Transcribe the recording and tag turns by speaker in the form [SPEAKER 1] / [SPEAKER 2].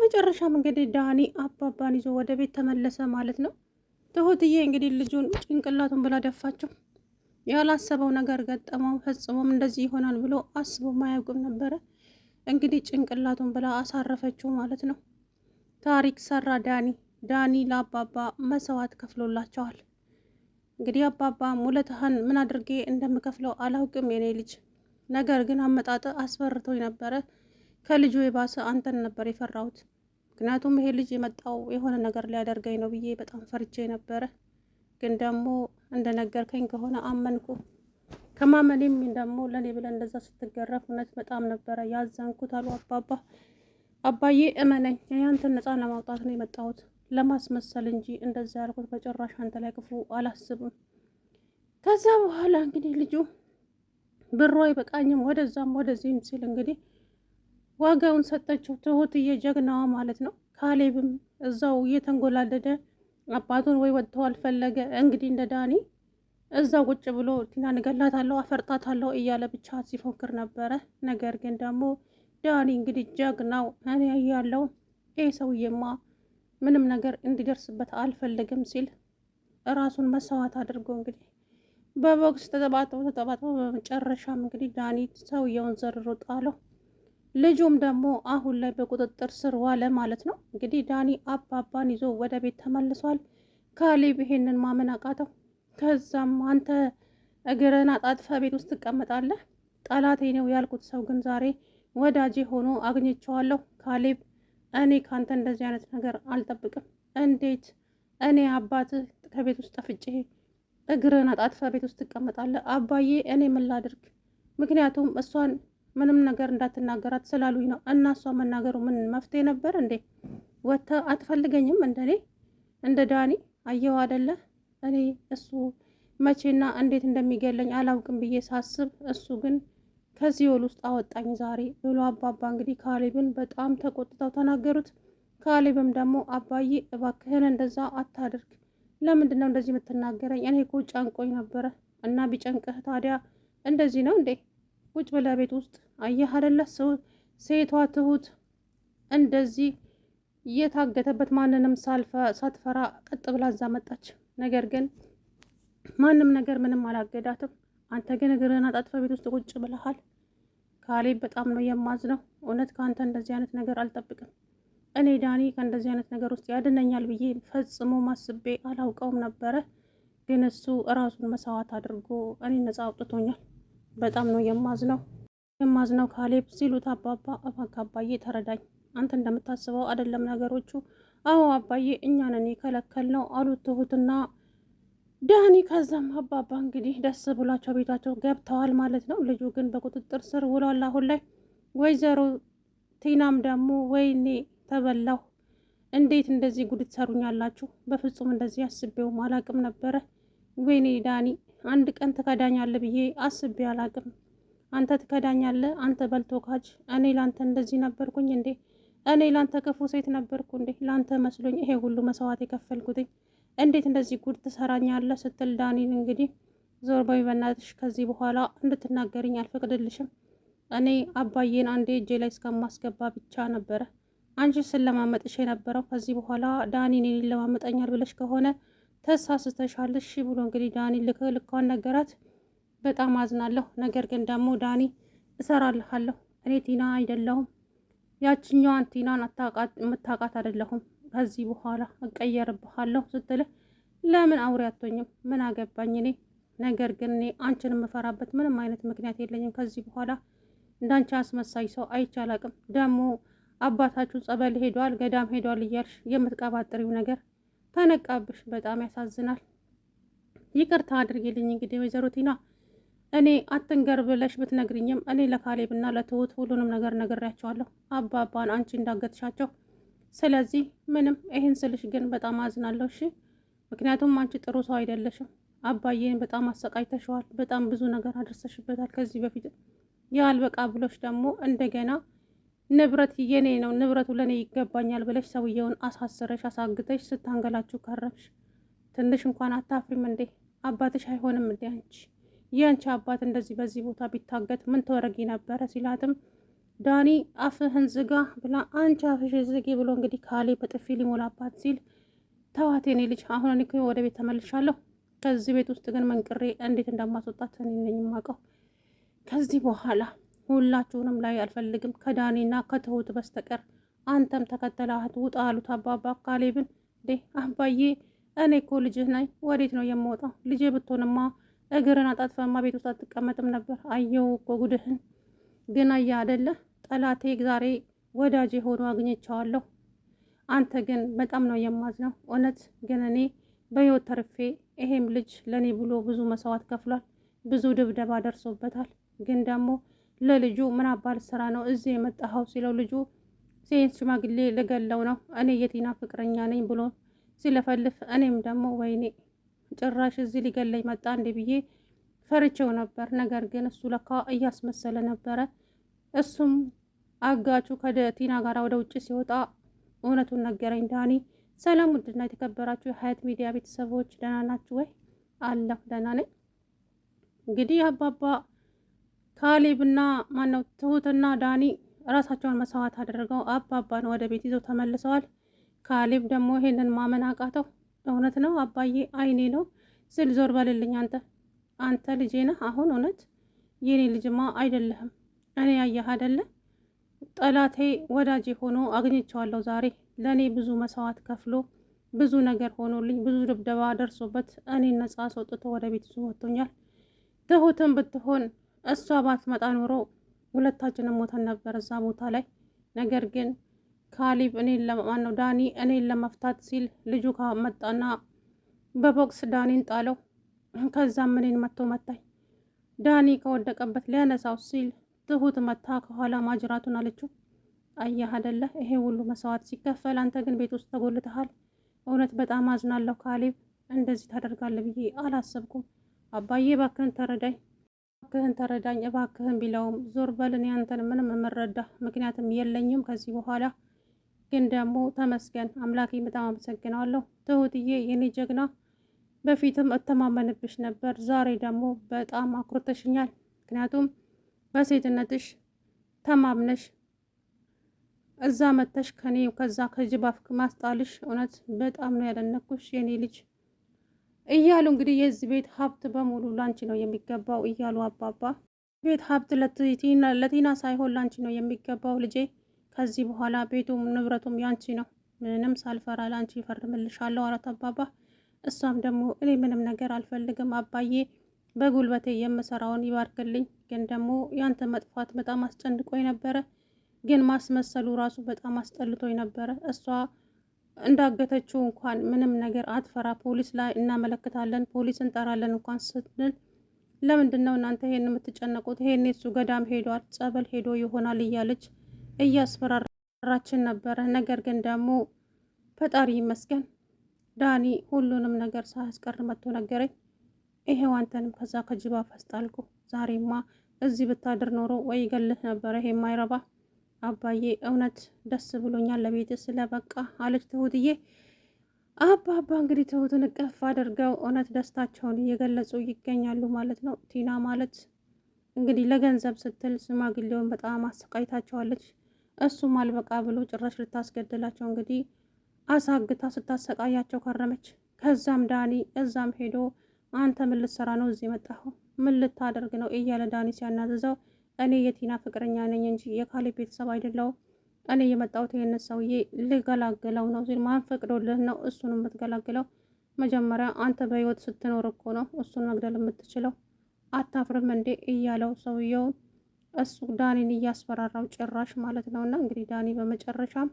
[SPEAKER 1] በመጨረሻም እንግዲህ ዳኒ አባባን ይዞ ወደ ቤት ተመለሰ ማለት ነው። ትሁትዬ እንግዲህ ልጁን ጭንቅላቱን ብላ ደፋቸው። ያላሰበው ነገር ገጠመው። ፈጽሞም እንደዚህ ይሆናል ብሎ አስቦም አያውቅም ነበረ። እንግዲህ ጭንቅላቱን ብላ አሳረፈችው ማለት ነው። ታሪክ ሰራ ዳኒ። ዳኒ ለአባባ መሰዋት ከፍሎላቸዋል። እንግዲህ አባባ ሙለትህን ምን አድርጌ እንደምከፍለው አላውቅም የኔ ልጅ፣ ነገር ግን አመጣጥ አስፈርቶኝ ነበረ ከልጁ የባሰ አንተን ነበር የፈራሁት። ምክንያቱም ይሄ ልጅ የመጣው የሆነ ነገር ሊያደርገኝ ነው ብዬ በጣም ፈርቼ ነበረ። ግን ደግሞ እንደነገርከኝ ከሆነ አመንኩ። ከማመኔም ደግሞ ለኔ ብለን እንደዛ ስትገረፍ እውነት በጣም ነበረ ያዘንኩት አሉ አባባ። አባዬ እመነኝ፣ ያንተን ነፃ ለማውጣት ነው የመጣሁት ለማስመሰል እንጂ እንደዛ ያልኩት በጭራሽ አንተ ላይ ክፉ አላስብም። ከዛ በኋላ እንግዲህ ልጁ ብሮ አይበቃኝም ወደዛም ወደዚህም ሲል እንግዲህ ዋጋውን ሰጠችው ትሁትዬ፣ ጀግናዋ ማለት ነው። ካሌብም እዛው እየተንጎላደደ አባቱን ወይ ወጥተው አልፈለገ እንግዲህ እንደ ዳኒ እዛ ቁጭ ብሎ ቲናን እገላታለሁ፣ አፈርጣታለሁ እያለ ብቻ ሲፎክር ነበረ። ነገር ግን ደግሞ ዳኒ እንግዲህ ጀግናው እኔ ያለው ይህ ሰውዬማ ምንም ነገር እንዲደርስበት አልፈልግም ሲል ራሱን መሰዋት አድርጎ እንግዲህ በቦክስ ተጠባጥበው ተጠባጥበው በመጨረሻም እንግዲህ ዳኒ ሰውየውን ዘርሮ ጣለው። ልጁም ደግሞ አሁን ላይ በቁጥጥር ስር ዋለ ማለት ነው። እንግዲህ ዳኒ አባባን ይዞ ወደ ቤት ተመልሷል። ካሌብ ይሄንን ማመን አቃተው። ከዛም አንተ እግርን አጣጥፈህ ቤት ውስጥ ትቀመጣለህ፣ ጠላቴ ነው ያልኩት ሰው ግን ዛሬ ወዳጄ ሆኖ አግኝቸዋለሁ። ካሌብ እኔ ካንተ እንደዚህ አይነት ነገር አልጠብቅም። እንዴት እኔ አባትህ ከቤት ውስጥ ጠፍጬ እግርን አጣጥፈህ ቤት ውስጥ ትቀመጣለህ? አባዬ እኔ ምን ላድርግ? ምክንያቱም እሷን ምንም ነገር እንዳትናገራት ስላሉኝ ነው። እና እሷ መናገሩ ምን መፍትሄ ነበር እንዴ? ወተ አትፈልገኝም እንደኔ እንደ ዳኒ አየው አደለ? እኔ እሱ መቼና እንዴት እንደሚገለኝ አላውቅም ብዬ ሳስብ እሱ ግን ከዚህ ወል ውስጥ አወጣኝ ዛሬ ብሎ አባባ እንግዲህ ካሌብን በጣም ተቆጥተው ተናገሩት። ካሌብም ደግሞ አባዬ እባክህን እንደዛ አታድርግ፣ ለምንድን ነው እንደዚህ የምትናገረኝ? እኔ እኮ ጨንቆኝ ነበረ እና ቢጨንቅህ ታዲያ እንደዚህ ነው እንዴ ቁጭ በላ ቤት ውስጥ አየህ አይደለ ሰው ሴቷ ትሁት እንደዚህ የታገተበት ማንንም ሳትፈራ ቀጥ ብላ እዛ መጣች። ነገር ግን ማንም ነገር ምንም አላገዳትም። አንተ ግን እግርህን አጣጥፈህ ቤት ውስጥ ቁጭ ብለሃል። ካሌብ በጣም ነው የማዝነው። እውነት ከአንተ እንደዚህ አይነት ነገር አልጠብቅም። እኔ ዳኒ ከእንደዚህ አይነት ነገር ውስጥ ያድነኛል ብዬ ፈጽሞ ማስቤ አላውቀውም ነበረ። ግን እሱ እራሱን መስዋዕት አድርጎ እኔ ነፃ አውጥቶኛል። በጣም ነው የማዝነው የማዝነው ካሌብ ሲሉት አባባ እባክህ አባዬ ተረዳኝ፣ አንተ እንደምታስበው አይደለም ነገሮቹ። አዎ አባዬ እኛንን የከለከል ነው አሉት ትሁትና ዳኒ። ከዛም አባባ እንግዲህ ደስ ብሏቸው ቤታቸው ገብተዋል ማለት ነው። ልጁ ግን በቁጥጥር ስር ውሏል አሁን ላይ። ወይዘሮ ቲናም ደግሞ ወይኔ ተበላሁ፣ እንዴት እንደዚህ ጉድ ትሰሩኛላችሁ? በፍጹም እንደዚህ አስቤውም አላቅም ነበረ። ወይኔ ዳኒ አንድ ቀን ትከዳኛለህ ብዬ አስቤ አላቅም። አንተ ትከዳኛለህ፣ አንተ በልቶ ካጅ። እኔ ላንተ እንደዚህ ነበርኩኝ እንዴ? እኔ ላንተ ክፉ ሴት ነበርኩ እንዴ? ላንተ መስሎኝ ይሄ ሁሉ መስዋዕት የከፈልኩትኝ እንዴት እንደዚህ ጉድ ትሰራኛለህ? ስትል ዳኒ እንግዲህ ዞር በይ በናትሽ፣ ከዚህ በኋላ እንድትናገርኝ አልፈቅድልሽም። እኔ አባዬን አንዴ እጄ ላይ እስከማስገባ ብቻ ነበረ አንቺ ስለማመጥሽ የነበረው። ከዚህ በኋላ ዳኒን ይለማመጠኛል ብለሽ ከሆነ ተሳስተሻል ሺ ብሎ እንግዲህ ዳኒ ልክ ልኳን ነገራት። በጣም አዝናለሁ። ነገር ግን ደግሞ ዳኒ እሰራልሃለሁ። እኔ ቲና አይደለሁም ያችኛዋን ቲናን የምታውቃት አይደለሁም። ከዚህ በኋላ እቀየርብሃለሁ ስትል ለምን አውሬ አትሆኝም? ምን አገባኝ እኔ። ነገር ግን እኔ አንቺን የምፈራበት ምንም አይነት ምክንያት የለኝም። ከዚህ በኋላ እንዳንቺ አስመሳይ ሰው አይቼ አላቅም። ደግሞ አባታችሁ ጸበል ሄዷል፣ ገዳም ሄዷል እያልሽ የምትቀባጥሪው ነገር ተነቃብሽ። በጣም ያሳዝናል። ይቅርታ አድርጊልኝ። እንግዲህ ወይዘሮ ቲና እኔ አትንገር ብለሽ ብትነግርኝም እኔ ለካሌብና ለትሁት ሁሉንም ነገር ነግሬያቸዋለሁ። አባባን አንቺ እንዳገትሻቸው። ስለዚህ ምንም ይህን ስልሽ ግን በጣም አዝናለሁ። እሺ ምክንያቱም አንቺ ጥሩ ሰው አይደለሽም። አባዬን በጣም አሰቃይተሸዋል። በጣም ብዙ ነገር አድርሰሽበታል ከዚህ በፊት ያልበቃ ብሎች ደግሞ እንደገና ንብረት የኔ ነው፣ ንብረቱ ለእኔ ይገባኛል ብለሽ ሰውየውን አሳስረሽ አሳግተሽ ስታንገላችሁ ካረፍሽ ትንሽ እንኳን አታፍሪም እንዴ? አባትሽ አይሆንም እንዴ አንቺ? የአንቺ አባት እንደዚህ በዚህ ቦታ ቢታገት ምን ተወረጊ ነበረ? ሲላትም ዳኒ አፍህን ዝጋ ብላ አንቺ አፍሽ ዝጊ ብሎ እንግዲህ ካሌ በጥፊ ሊሞላባት ሲል ተዋት የኔ ልጅ፣ አሁን እኔ ወደ ቤት ተመልሻለሁ። ከዚህ ቤት ውስጥ ግን መንቅሬ እንዴት እንደማስወጣት እኔ ነኝ የማውቀው። ከዚህ በኋላ ሁላችሁንም ላይ አልፈልግም ከዳኒና ከትሁት በስተቀር አንተም ተከተላት ውጣ አሉት አባባ ካሌብን። ዴ አባዬ እኔ እኮ ልጅህ ነኝ፣ ወዴት ነው የምወጣው? ልጄ ብትሆንማ እግርን አጣጥፈማ ቤት ውስጥ አትቀመጥም ነበር። አየሁ እኮ ጉድህን። ግን አያ አደለ ጠላቴ ዛሬ ወዳጄ ሆኖ አግኝቻዋለሁ። አንተ ግን በጣም ነው የማዝነው። እውነት ግን እኔ በህይወት ተርፌ ይሄም ልጅ ለእኔ ብሎ ብዙ መስዋዕት ከፍሏል፣ ብዙ ድብደባ ደርሶበታል። ግን ደግሞ ለልጁ ምን አባል ስራ ነው እዚህ የመጣኸው ሲለው ልጁ ሴት ሽማግሌ ልገለው ነው እኔ የቲና ፍቅረኛ ነኝ ብሎ ሲለፈልፍ እኔም ደግሞ ወይኔ ጭራሽ እዚህ ሊገለኝ መጣ እንዴ ብዬ ፈርቼው ነበር። ነገር ግን እሱ ለካ እያስመሰለ ነበረ። እሱም አጋቹ ከቲና ጋር ወደ ውጭ ሲወጣ እውነቱን ነገረኝ ዳኒ። ሰላም ውድና የተከበራችሁ የሀያት ሚዲያ ቤተሰቦች ደህና ናችሁ ወይ? አለሁ ደህና ነኝ። እንግዲህ አባባ ካሌብና ማነው ትሁትና ዳኒ ራሳቸውን መስዋዕት አድርገው አባባን ወደ ቤት ይዘው ተመልሰዋል። ካሌብ ደግሞ ይሄንን ማመን አቃተው። እውነት ነው አባዬ፣ አይኔ ነው ስል ዞር በልልኝ አንተ አንተ ልጄ ነህ አሁን። እውነት የኔ ልጅማ አይደለህም። እኔ ያየህ አይደለ ጠላቴ ወዳጅ ሆኖ አግኝቸዋለሁ ዛሬ ለእኔ ብዙ መስዋዕት ከፍሎ ብዙ ነገር ሆኖልኝ ብዙ ድብደባ ደርሶበት እኔ ነጻ አስወጥቶ ወደ ቤት ይዞ ወጥቶኛል። ትሁትም ብትሆን እሷ ባትመጣ ኖሮ ሁለታችንም ሞተን ነበር እዛ ቦታ ላይ። ነገር ግን ካሊብ እኔን ነው ዳኒ እኔን ለመፍታት ሲል ልጁ ካመጣና በቦክስ ዳኒን ጣለው። ከዛም እኔን መቶ መታኝ። ዳኒ ከወደቀበት ሊያነሳው ሲል ትሁት መታ ከኋላ ማጅራቱን አለችው። አየህ አይደለ ይሄ ሁሉ መስዋዕት ሲከፈል አንተ ግን ቤት ውስጥ ተጎልተሃል። እውነት በጣም አዝናለሁ ካሊብ፣ እንደዚህ ታደርጋለህ ብዬ አላሰብኩም። አባዬ እባክህን ተረዳኝ እባክህን ተረዳኝ እባክህን ቢለውም ዞር በልን ያንተን ምንም የምረዳ ምክንያትም የለኝም ከዚህ በኋላ ግን ደግሞ ተመስገን አምላኬ በጣም አመሰግናለሁ። ትሁትዬ የኔ ጀግና፣ በፊትም እተማመንብሽ ነበር፣ ዛሬ ደግሞ በጣም አኩርተሽኛል። ምክንያቱም በሴትነትሽ ተማምነሽ እዛ መተሽ ከኔ ከዛ ከጅባፍ ማስጣልሽ እውነት በጣም ነው ያደነኩሽ የኔ ልጅ። እያሉ እንግዲህ የዚህ ቤት ሀብት በሙሉ ላንቺ ነው የሚገባው እያሉ አባባ ቤት ሀብት ለቲና ሳይሆን ላንቺ ነው የሚገባው ልጄ። ከዚህ በኋላ ቤቱም ንብረቱም ያንቺ ነው። ምንም ሳልፈራ ላንቺ ይፈርምልሻለሁ አላት አባባ። እሷም ደግሞ እኔ ምንም ነገር አልፈልግም አባዬ፣ በጉልበቴ የምሰራውን ይባርክልኝ። ግን ደግሞ ያንተ መጥፋት በጣም አስጨንቆኝ ነበረ። ግን ማስመሰሉ ራሱ በጣም አስጠልቶኝ ነበረ እሷ እንዳገተችው እንኳን ምንም ነገር አትፈራ። ፖሊስ ላይ እናመለክታለን፣ ፖሊስ እንጠራለን እንኳን ስትል ለምንድን ነው እናንተ ይሄን የምትጨነቁት? ይሄን የሱ ገዳም ሄዷል፣ ጸበል ሄዶ ይሆናል እያለች እያስፈራራችን ነበረ። ነገር ግን ደግሞ ፈጣሪ ይመስገን ዳኒ ሁሉንም ነገር ሳያስቀር መጥቶ ነገረኝ። ይሄ ዋንተንም ከዛ ከጅባ ፈስጣልኩ። ዛሬማ እዚህ ብታድር ኖሮ ወይ ገልህ ነበረ ይሄ የማይረባ አባዬ እውነት ደስ ብሎኛል ለቤት ስለበቃ አለች ትሁትዬ። አባባ እንግዲህ ትሁትን እቅፍ አድርገው እውነት ደስታቸውን እየገለጹ ይገኛሉ ማለት ነው። ቲና ማለት እንግዲህ ለገንዘብ ስትል ሽማግሌውን በጣም አሰቃይታቸዋለች። እሱም አልበቃ ብሎ ጭራሽ ልታስገድላቸው እንግዲህ አሳግታ ስታሰቃያቸው ከረመች። ከዛም ዳኒ እዛም ሄዶ አንተ ምን ልትሰራ ነው እዚህ መጣሁ? ምን ልታደርግ ነው? እያለ ዳኒ ሲያናዝዘው እኔ የቲና ፍቅረኛ ነኝ እንጂ የካሌብ ቤተሰብ አይደለው እኔ የመጣሁት ይህንን ሰውዬ ልገላግለው ነው ሲል ማን ፈቅዶልህ ነው እሱን የምትገላግለው? መጀመሪያ አንተ በህይወት ስትኖር እኮ ነው እሱን መግደል የምትችለው። አታፍርም እንዴ? እያለው ሰውየውን እሱ ዳኒን እያስፈራራው ጭራሽ ማለት ነው። እና እንግዲህ ዳኒ በመጨረሻም